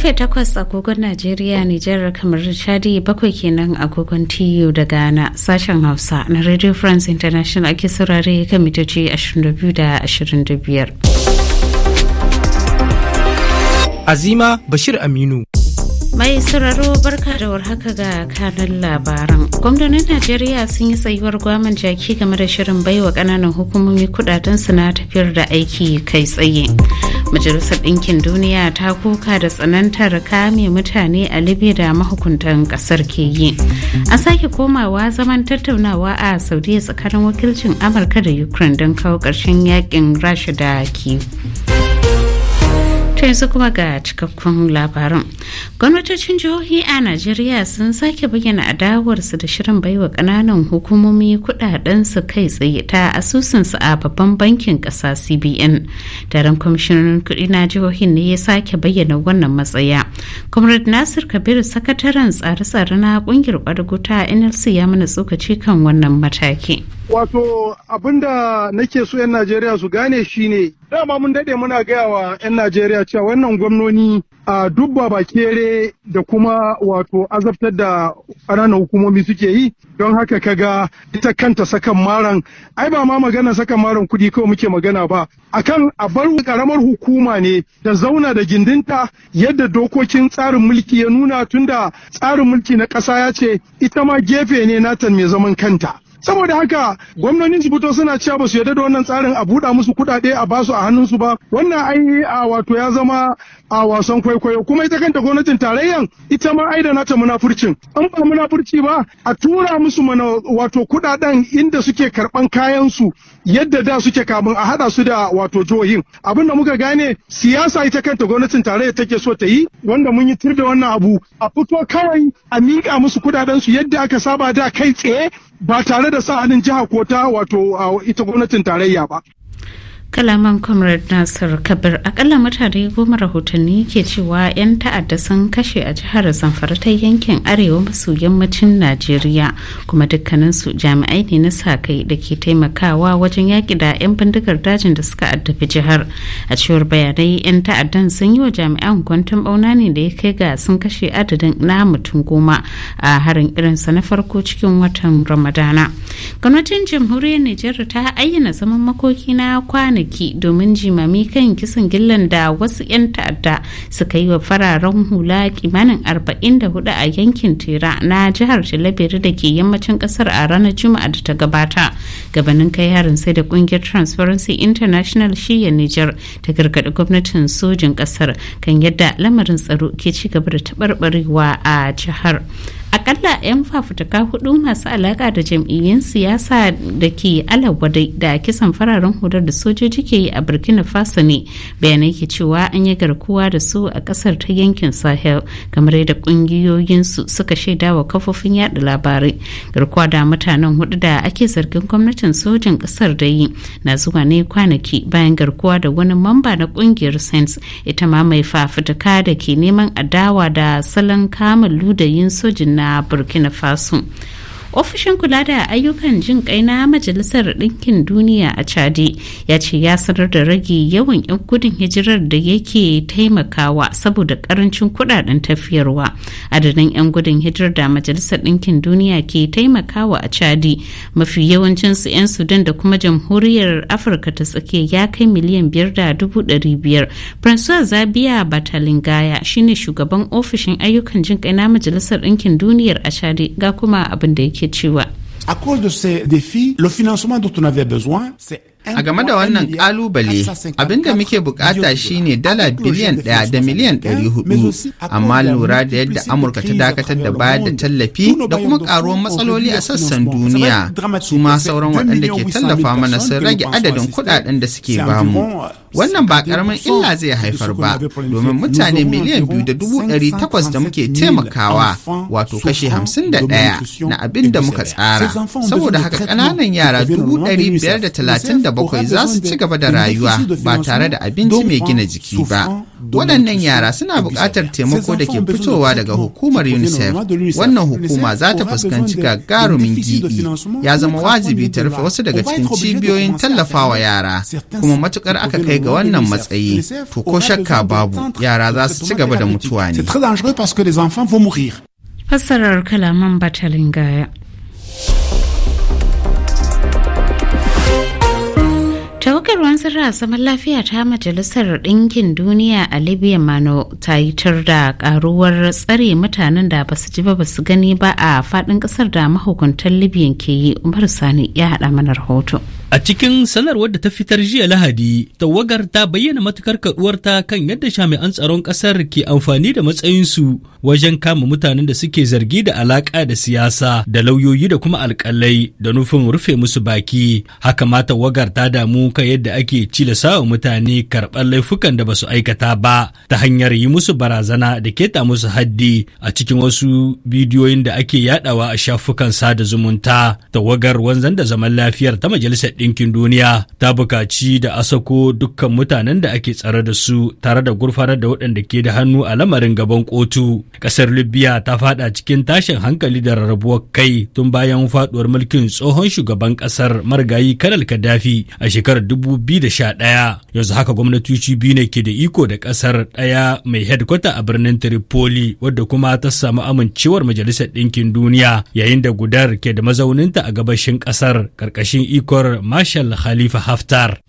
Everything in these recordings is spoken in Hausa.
Karfe takwas agogon Najeriya, Nijar kamar shadi bakwai kenan agogon TU da Ghana sashen Hausa na Radio France International ake saurare kan mitoci 22 da 25. Azima Bashir Aminu. Mai sauraro barka da warhaka ga kanan labaran. Gwamnonin Najeriya sun yi tsayuwar gwaman jaki game da shirin baiwa ƙananan hukumomi kudaden su na tafiyar da aiki kai tsaye. majalisar ɗinkin duniya ta kuka da tsanantar kame mutane a libya da mahukuntan ƙasar ke yi a sake komawa zaman tattaunawa a saudiya tsakanin wakilcin amurka da ukraine don kawo ƙarshen yakin rasha da kiv ta yanzu kuma ga cikakkun labaran gwamnatocin jihohi a najeriya sun sake bayyana adawarsu da shirin baiwa kananan hukumomi kudaden su kai tsaye ta asusunsu a babban bankin kasa cbn daren kwamishinan kudi na jihohin ne ya sake bayyana wannan matsaya comrade nasir kabir sakataren tsare-tsare na kungiyar kwadugu ta nlc ya mana tsokaci kan wannan mataki Wato abinda nake so 'yan Najeriya su gane shi shine dama mun daɗe muna gaya wa 'yan Najeriya cewa wannan gwamnoni a dubba kere da kuma wato azabtar da ƙananan hukumomi suke yi don haka kaga ita kanta sakan maran ai ba ma magana sakan maran kuɗi kawai muke magana ba akan a bar karamar hukuma ne da zauna da gindinta yadda dokokin tsarin mulki ya nuna tunda tsarin mulki na ƙasa ya ce ita ma gefe ne nata mai zaman kanta saboda haka gwamnonin jibuto suna cewa ba su yarda da wannan tsarin a buɗa musu kuɗaɗe a basu a hannunsu ba wannan ai a wato ya zama a wasan kwaikwayo kuma ita kanta gwamnatin tarayyan ita ma ai da nata munafurcin an ba munafurci ba a tura musu mana wato kuɗaɗen inda suke karɓan kayan su yadda da suke kamun a hada su da wato jihohin abin da muka gane siyasa ita kanta gwamnatin tarayya take so ta yi wanda mun yi tur da wannan abu a fito kawai a miƙa musu kudaden su yadda aka saba da kai tsaye ba tare da sa hannun jiha ko ta wato ita gwamnatin tarayya ba kalaman comrade nasir kabir akalla mutane goma rahotanni ke cewa 'yan ta'adda sun kashe a jihar zamfara ta yankin arewa maso yammacin najeriya kuma dukkaninsu jami'ai ne na sa-kai da ke taimakawa wajen yaƙi da 'yan bindigar dajin da suka addabi jihar a cewar bayanai 'yan ta'addan sun yi wa jami'an kwantan bauna ne da ya kai ga sun kashe adadin na mutum goma a harin irin sa na farko cikin watan ramadana gwamnatin jamhuriyar nijar ta ayyana zaman makoki na kwana kwanaki domin jimami kan kisan gillan da wasu 'yan ta'adda suka yi wa fararen hula kimanin 44 a yankin tera na jihar talabiri da ke yammacin kasar a ranar juma'a da ta gabata gabanin kai harin sai da kungiyar transparency international shiya niger ta gargaɗi gwamnatin sojin kasar kan yadda lamarin tsaro ke ci gaba da taɓarɓarewa a jihar. akalla 'yan fafutuka hudu masu alaka da jam'iyyun siyasa da ke alagwadai da kisan fararen hudar da sojoji ke yi a burkina faso ne bayanai ke cewa an yi garkuwa da su a kasar ta yankin sahel kamar yadda kungiyoyinsu suka shaida wa kafofin yada labarai garkuwa da mutanen hudu da ake zargin gwamnatin sojin kasar da yi na zuwa ne kwanaki bayan garkuwa da wani mamba na kungiyar saints ita ma mai fafutuka da ke neman adawa da salon kamun ludayin sojin na Burkina Faso. ofishin kula da ayyukan jin kai na majalisar ɗinkin duniya a chadi ya ce ya sanar da rage yawan 'yan gudun hijirar da yake taimakawa saboda karancin kudaden tafiyarwa adadin 'yan gudun hijirar da majalisar ɗinkin duniya ke taimakawa a chadi mafi yawancin su 'yan sudan da kuma jamhuriyar afirka ta tsakiya ya kai miliyan biyar da dubu ɗari biyar francois zabia batalingaya shine shugaban ofishin ayyukan jin kai na majalisar ɗinkin duniyar a chadi ga kuma abin da yake À cause de ces défis, le financement dont on avait besoin, c'est A game da wannan kalubale abinda muke bukata shine dala biliyan daya da miliyan ɗari hudu amma lura da yadda Amurka ta dakatar da bayar da tallafi da kuma karuwar matsaloli a sassan duniya su ma sauran waɗanda ke tallafa mana sun rage adadin kuɗaɗen da suke bamu. Wannan ba karamin illa zai haifar ba domin mutane miliyan biyu da dubu ɗari takwas da muke taimakawa wato kashe hamsin da ɗaya na abin da muka tsara saboda haka ƙananan yara dubu ɗari biyar da talatin da bakwai za su ci gaba da rayuwa ba tare da abinci mai gina jiki ba. Waɗannan yara suna buƙatar taimako da ke fitowa daga hukumar UNICEF. Wannan hukuma za ta fuskanci gagarumin giɓi. Ya zama wajibi ta rufe wasu daga cikin cibiyoyin tallafawa yara. Kuma matukar aka kai ga wannan matsayi, to ko shakka babu yara za su ci gaba da mutuwa ne. Fassarar kalaman batalin gaya. sanarwar sirra zaman lafiya ta majalisar ɗinkin duniya a libya mano ta yi tar da ƙaruwar tsare mutanen da ba su ji ba su gani ba a faɗin ƙasar da mahukuntan libya ke yi umar sani ya haɗa mana rahoto. A cikin sanarwar da ta fitar jiya Lahadi, tawagar ta bayyana matukar kaɗuwarta kan yadda jami'an tsaron ƙasar ke amfani da matsayinsu wajen kama mutanen da suke zargi da alaƙa da siyasa da lauyoyi da kuma alƙalai da nufin rufe musu baki. Haka ma tawagar ta damu kan yadda ake cilasa wa mutane karɓar laifukan da basu aikata ba ta hanyar yi musu barazana da keta musu haddi a cikin wasu bidiyoyin da ake yaɗawa a shafukan sada zumunta. Tawagar wanzan da zaman lafiyar ta majalisar ɗinkin duniya ta bukaci da a sako dukkan mutanen da ake tsare da su tare da gurfanar da waɗanda ke da hannu a lamarin gaban kotu ƙasar libya ta fada cikin tashin hankali da rarrabuwar kai tun bayan faduwar mulkin tsohon shugaban ƙasar marigayi kanal kadafi a shekarar dubu sha ɗaya, yanzu haka gwamnatoci biyu ne ke da iko da ƙasar ɗaya mai hedkwata a birnin tripoli wadda kuma ta samu amincewar majalisar ɗinkin duniya yayin da gudar ke da mazauninta a gabashin ƙasar ƙarƙashin ikon ماشاء الله خليفه هفتار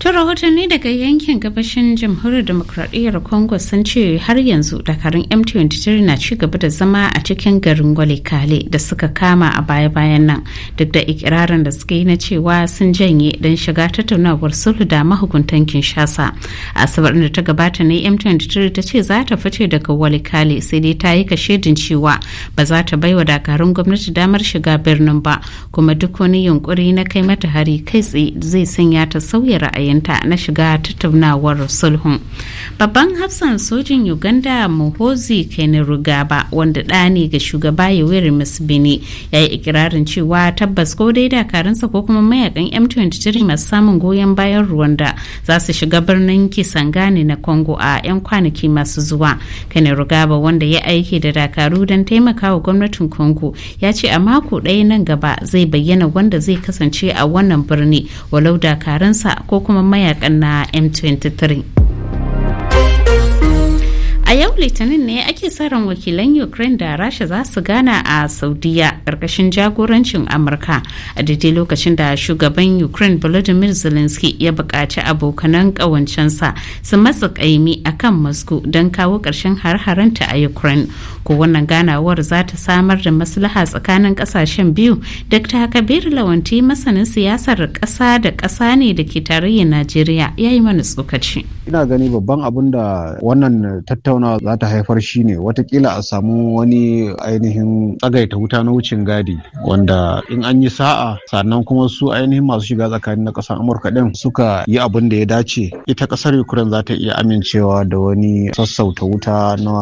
ta rahotanni daga yankin gabashin jamhuriyar demokradiyyar congo sun ce har yanzu dakarun m23 na ci gaba da zama a cikin garin gwale-kale da suka kama a baya-bayan nan duk da ikirarin da suka yi na cewa sun janye don shiga tattaunawar sulhu da mahukuntan kinshasa asabar da ta gabata ne m23 ta ce za ta fice daga gwale-kale sai dai ta yi din cewa ba za ta baiwa dakarun gwamnati damar shiga birnin ba kuma duk wani yunkuri na kai mata hari kai tsaye zai sanya ta sauya ra'ayi kawayenta na shiga tattaunawar sulhun babban hafsan sojin uganda muhozi kenirugaba wanda ɗa ne ga shugaba yoweri musbini ya yi ikirarin cewa tabbas ko dai dakarunsa ko kuma mayakan m23 masu samun goyon bayan rwanda za su shiga birnin kisan gane na congo a 'yan kwanaki masu zuwa kenirugaba wanda ya aiki da dakaru don taimakawa gwamnatin congo ya ce a mako ɗaya nan gaba zai bayyana wanda zai kasance a wannan birni walau dakarunsa ko kuma neman na m23 litinin ne ake sa ran wakilan ukraine da rasha za su gana a saudiya karkashin jagorancin amurka a daidai lokacin da shugaban ukraine volodymyr zelensky ya buƙaci abokanan ƙawancensa su matsa ƙaimi a kan moscow don kawo ƙarshen har-haranta a ukraine ko wannan ganawar za ta samar da maslaha tsakanin ƙasashen biyu dr kabir lawanti masanin siyasar ƙasa da ƙasa ne da ke tarayyar najeriya ya yi mana tsokaci. ina gani babban abin da wannan tattaunawa za ta haifar ne, watakila a samu wani ainihin tsagaita wuta na wucin gadi wanda in an yi sa'a sannan kuma su ainihin masu shiga tsakanin na ƙasar amurka ɗin suka yi abin da ya dace ita ƙasar ukraine za ta iya amincewa da wani sassauta wuta na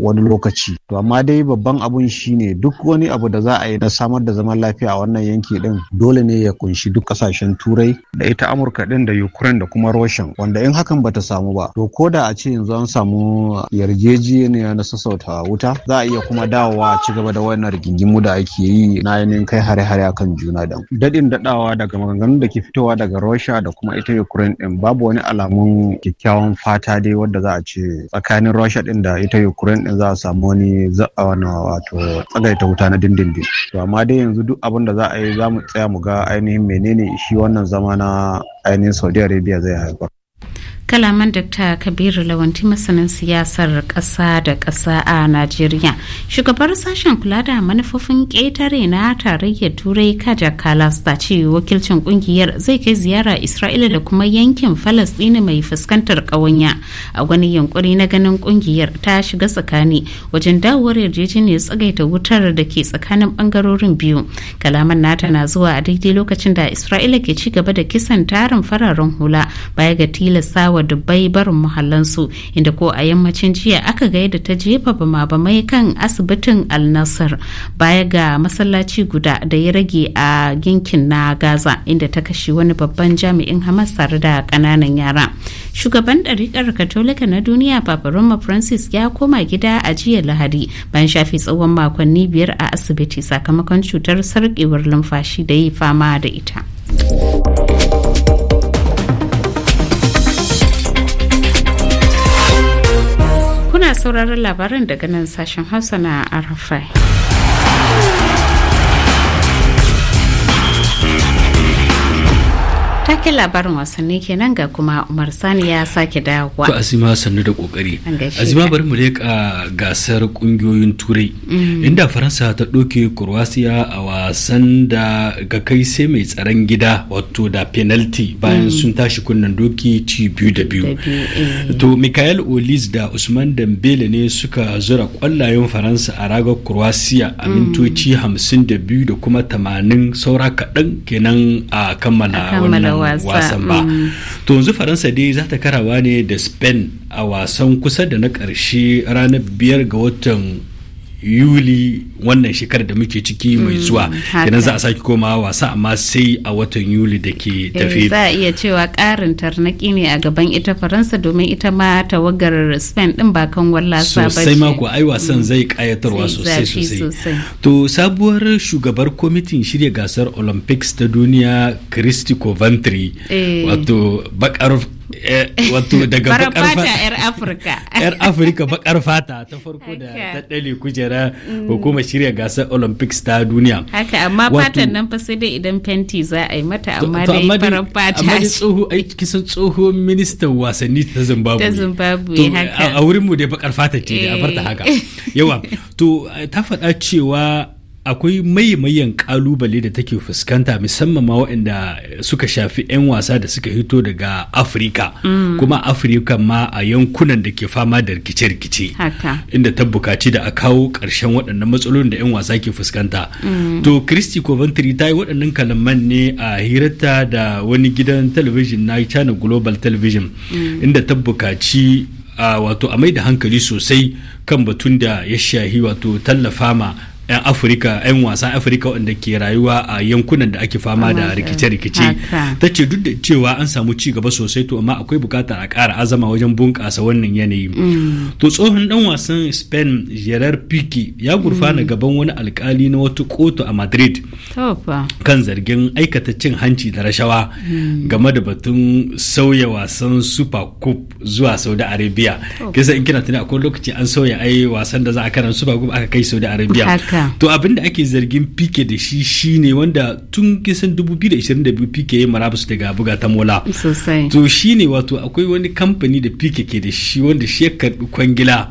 wani lokaci to amma dai babban abun ne, duk wani abu da za a yi na samar da zaman lafiya a wannan yanki ɗin dole ne ya kunshi duk ƙasashen turai da ita amurka ɗin da ukraine da kuma roshan wanda in hakan ba bata samu ba to ko da a ce yanzu an samu yarjejeniya na sassauta wuta za a iya kuma dawowa ci gaba da wannan rigingimu da ake yi na yanayin kai hare-hare akan juna dan dadin dadawa daga maganganun da ke fitowa daga Rasha da kuma ita Ukraine din babu wani alamun kyakkyawan fata dai wadda za a ce tsakanin Russia ɗin da ita Ukraine din za a samu wani wani wato tsagaita wuta na dindindin to amma dai yanzu duk abin da za a yi za mu tsaya mu ga ainihin menene shi wannan zama na ainihin Saudi Arabia zai haifar kalaman dr kabiru lawanti masanin siyasar ƙasa da ƙasa a najeriya shugabar sashen kula da manufofin ƙetare na tarayyar turai kaja kalas ta ce wakilcin kungiyar zai kai ziyara isra'ila da kuma yankin falastini mai fuskantar ƙawanya a wani yunkuri na ganin kungiyar ta shiga tsakani wajen dawowar yarjejeniyar tsagaita wutar da ke tsakanin ɓangarorin biyu kalaman nata na zuwa a daidai lokacin da isra'ila ke ci gaba da kisan tarin fararen hula baya ga tilasta wa dubbai barin muhallansu inda ko a yammacin jiya aka ga yadda ta jefa bama bamai kan asibitin al baya ga masallaci guda da ya rage a ginkin na gaza inda ta kashe wani babban jami'in hamas tare da kananan yara shugaban ɗariƙar katolika na duniya papa roma francis ya koma gida a jiya lahadi bayan shafi tsawon makonni biyar a asibiti sakamakon cutar sarƙewar numfashi da yi fama da ita. sauraron labarin daga nan sashen Hausa na Arafai. cikakken labarin wasanni kenan ga kuma umar sani ya sake dawowa to azima sannu da kokari azima bari mu leka gasar kungiyoyin turai mm. inda faransa ta doke croatia a wasan da ga kai sai mai tsaron gida wato da penalty bayan mm. sun tashi kunnen doki ci biyu da biyu eh. to michael olis da usman dambele ne suka zura kwallayen faransa a ragar croatia a mm. mintoci hamsin da biyu da kuma tamanin saura kaɗan kenan a kammala wannan wasan ba to yanzu faransa dai za ta karawa ne da spain a wasan kusa da na ƙarshe ranar biyar ga watan yuli wannan shekarar da muke ciki mai hmm, zuwa idan za a sake komawa wasa amma sai a watan yuli da ke eh, tafe za a iya cewa karin tarnaki ne a gaban ita faransa domin ita ma tawagar spain din bakan walla. wallasa ba sosai mako ai wasan hmm. zai kayatarwa sosai sosai to sabuwar shugabar kwamitin shirya gasar olympics ta duniya kristi coventry eh. wato bakar Eh, wato daga bakar fata yar afirka yar afirka bakar fata ta farko da ta dale kujera mm. hukumar shirya gasar olympics ta duniya haka amma fatan nan fa sai dai idan fenti za a yi mata amma dai farar fata amma dai tsoho ai kisan tsoho ministan wasanni ta zimbabwe ta zimbabwe haka a wurin mu dai bakar fata ce da a eh. haka yawa to ta faɗa cewa akwai mayyamayan kalubale da take fuskanta musamman ma waɗanda suka shafi 'yan wasa da suka hito daga afirka mm. kuma afirka ma a yankunan da ke fama da rikice-rikice inda ta bukaci da a kawo ƙarshen waɗannan matsalolin da 'yan wasa ke fuskanta mm. to kristi coventry ta yi waɗannan kalaman ne a hirarta da wani gidan talabijin na china global television mm. inda ta bukaci uh, wato a mai da hankali sosai kan batun da ya shahi wato tallafa ma 'yan afirka 'yan wasan afirka wanda ke rayuwa a yankunan da ake fama da rikice-rikice ta ce duk da cewa an samu ci gaba sosai to amma akwai bukatar a kara azama wajen bunƙasa wannan yanayi mm. to tsohon dan wasan spain gerard pique ya gurfana mm. gaban wani alkali na wata kotu a madrid kan zargin aikata cin hanci da rashawa mm. game da batun sauya wasan super cup zuwa saudi arabia kisa in kina tuni akwai lokaci an sauya ai wasan da za a karan super cup aka kai saudi arabia to abin da ake zargin pike da shi shine wanda tun kisan 2022 pike ya marabus daga buga ta mola to shine wato akwai wani kamfani da pike ke da shi wanda shi ya karbi kwangila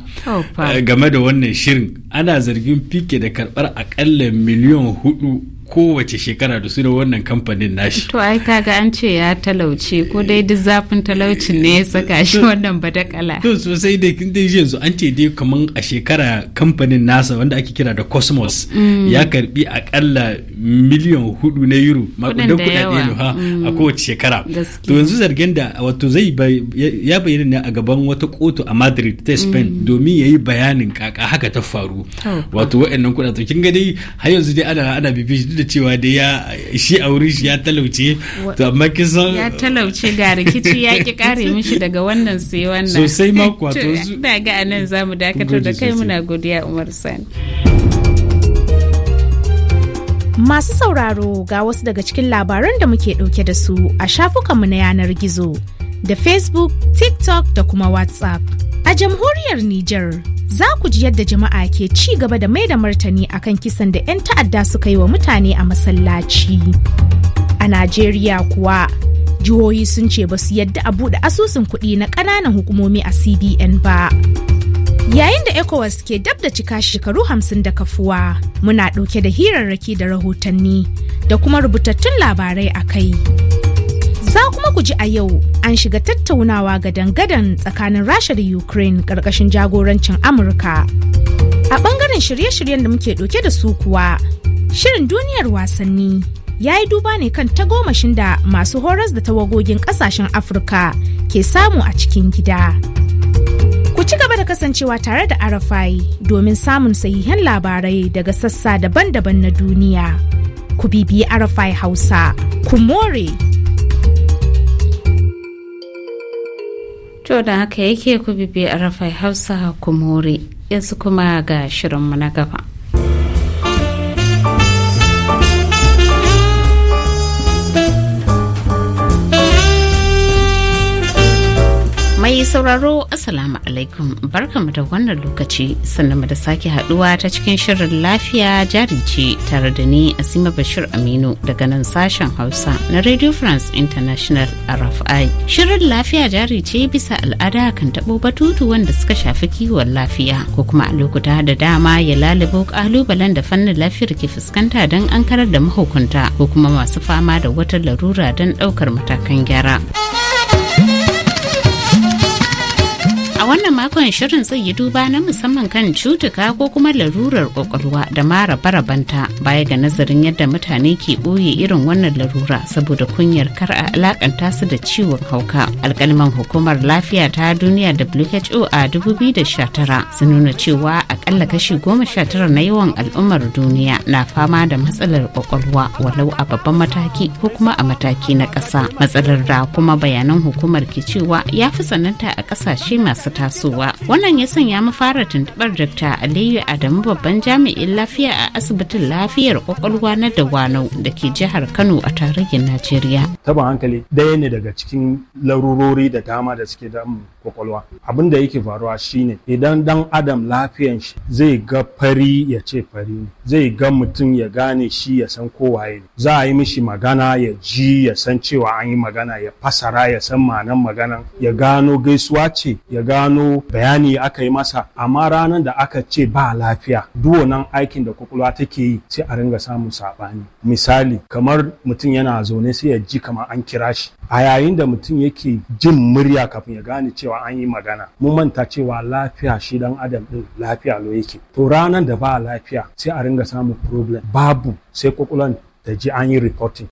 eh, game da wannan shirin ana zargin pike da karbar akalla miliyan hudu kowace shekara da su da wannan kamfanin nashi to ai kaga an ce ya talauce ko dai duk zafin talaucin ne ya saka shi wannan badakala to sosai da kin dai yanzu an ce dai kaman a shekara kamfanin nasa wanda ake kira da Cosmos mm. ya karbi akalla miliyan hudu na euro kudin kudade ne ha a mm. kowace shekara to yanzu zargin da wato zai ya bayyana ne a gaban wata kotu a Madrid ta Spain mm. domin yayi bayanin kaka haka ta faru oh. wato waɗannan kudaden kin ga dai har yanzu dai ana ana bibi da cewa da ya shi a shi ya talauce to amma san ya talauce ga rikici ya ki kare mishi daga wannan sai wannan sosai ma kuwa to da ga anan zamu dakatar da kai muna godiya Umar Sani Masu sauraro ga wasu daga cikin labaran da muke ɗauke da su a shafukanmu na yanar gizo da Facebook, TikTok da kuma WhatsApp. A jamhuriyar Nijar, za ku ji yadda jama'a ke ci gaba da mai da martani akan kisan da 'yan ta'adda suka yi wa mutane a masallaci. A Najeriya kuwa, jihohi sun ce ba su yadda a buɗe asusun kuɗi na ƙananan hukumomi a CBN ba. Yayin da ECOWAS ke dab da cika shekaru hamsin da kafuwa, muna ɗauke da hirarraki da rahotanni da kuma rubutattun labarai a kai. guji a yau an shiga tattaunawa ga dangadan tsakanin Rasha da Ukraine ƙarƙashin jagorancin Amurka. A ɓangaren shirye-shiryen da muke ɗauke da su kuwa, shirin duniyar wasanni ya yi duba ne kan tagomashin da masu horas da tawagogin ƙasashen Afirka ke samu a cikin gida. Ku ci gaba da kasancewa tare da Arafai domin samun sahihan labarai daga sassa daban-daban na duniya. Ku bibiyi Arafai Hausa, ku more to da haka yake ku bibi rafai hausa kumore yanzu kuma ga shirinmu na gaba Mai sauraro Assalamu alaikum barkamu da wannan lokaci sannan da sake haduwa ta cikin shirin lafiya ce tare da ni Asima Bashir Aminu daga nan sashen Hausa na Radio France International RFI. Shirin lafiya ce bisa al'ada kan tabo batutu wanda suka shafi kiwon lafiya ko kuma a lokuta da dama ya lalubo kalubalen da fannin lafiyar ke fuskanta don an karar da mahukunta ko kuma masu fama da wata larura don ɗaukar matakan gyara. wannan makon shirin zai yi duba na musamman kan cutuka ko kuma larurar kwakwalwa da mara barabanta baya ga nazarin yadda mutane ke ɓoye irin wannan larura saboda kunyar kar a alakanta su da ciwon hauka. Alkalman hukumar lafiya ta duniya WHO a 2019 sun nuna cewa akalla kashi goma sha na yawan al'ummar duniya na fama da matsalar kwakwalwa walau a babban mataki ko kuma a mataki na ƙasa. Matsalar da kuma bayanan hukumar ke cewa ya fi sananta a ƙasashe masu tasowa wannan ya sanya mu fara tuntubar Dr. Aliyu Adamu babban jami'in lafiya a asibitin lafiyar kwakwalwa na Dawanau da ke jihar Kano a tarayyar Najeriya. taba hankali daya ne daga cikin larurori da dama da suke damu kwakwalwa abin da yake faruwa shine idan dan adam lafiyan shi zai ga fari ya ce fari ne zai ga mutum ya gane shi ya san kowaye ne za a yi mishi magana ya ji ya san cewa an yi magana ya fasara ya san ma'anan magana ya gano gaisuwa ce ya gano bayani aka yi masa amma ranar da aka ce ba lafiya nan aikin da kwakwalwa take yi sai a ringa samun saɓani misali kamar mutum yana zaune sai ya ji kamar an kira shi a yayin da mutum yake jin murya kafin ya gane cewa an yi magana mun manta cewa lafiya shi dan adam din lafiya lo yake to ranar da ba lafiya sai a ringa samun problem babu sai kwakwalwan da ji an yi reporting